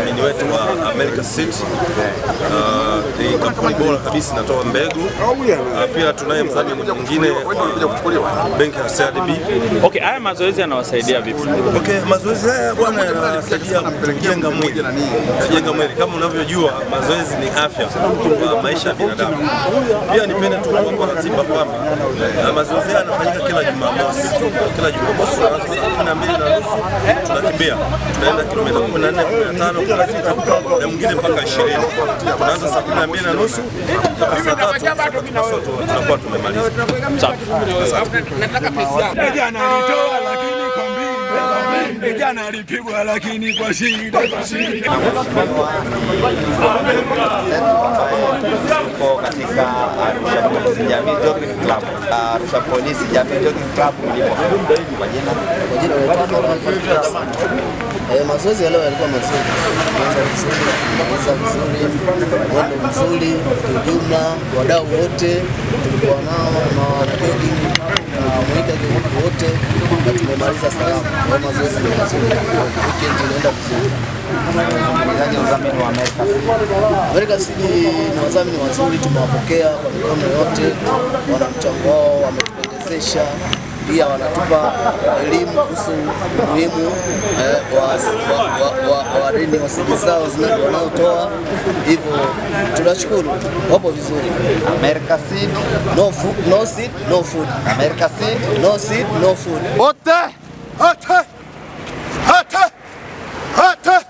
Mdhamini wetu wa America Seed uh, ni kampuni bora kabisa inatoa mbegu uh, pia tunaye mdhamini mwingine wa benki ya CRDB. Okay, haya mazoezi yanawasaidia vipi? Okay, mazoezi haya bwana yanasaidia kujenga mwili. Kujenga mwili kama unavyojua mazoezi ni afya kwa maisha ya binadamu. Pia nipende tu kuwaambia ratiba kwamba uh, mazoezi haya kila Jumamosi. Kila Jumamosi saa kumi na mbili na nusu tunakimbia, tunaenda kilomita 14, 15, 16 na mwingine mpaka ishirini Tunaanza saa kumi na mbili na nusu saa tatu tunakuwa tumemaliza. alipigwa lakini kwa shida wako katika Arusha Polisi Jamii Jogging Club. Arusha Polisi Jamii Jogging Club mlimo kwa jina. Eh, mazoezi leo yalikuwa mazuri. Tumeanza vizuri, tumemaliza vizuri, mwendo mzuri, kiujumla wadau wote tulikuwa nao na wanajogi na mwika wote na tumemaliza salama. Mazoezi ni mazuri wadhamini wa Amerika Amerika Seed na wadhamini wazuri, tumewapokea kwa mikono yote, wana mchango wao, wametupendezesha pia wanatupa elimu kuhusu muhimu eh, wa, wa, wa, wa reni wasidi zao wanaotoa. Hivyo tunashukuru, wapo vizuri. America Seed no food no seed no food, America Seed no seed no food. Wote wote wote wote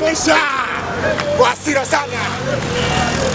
Mesha, Kwa hasira sana.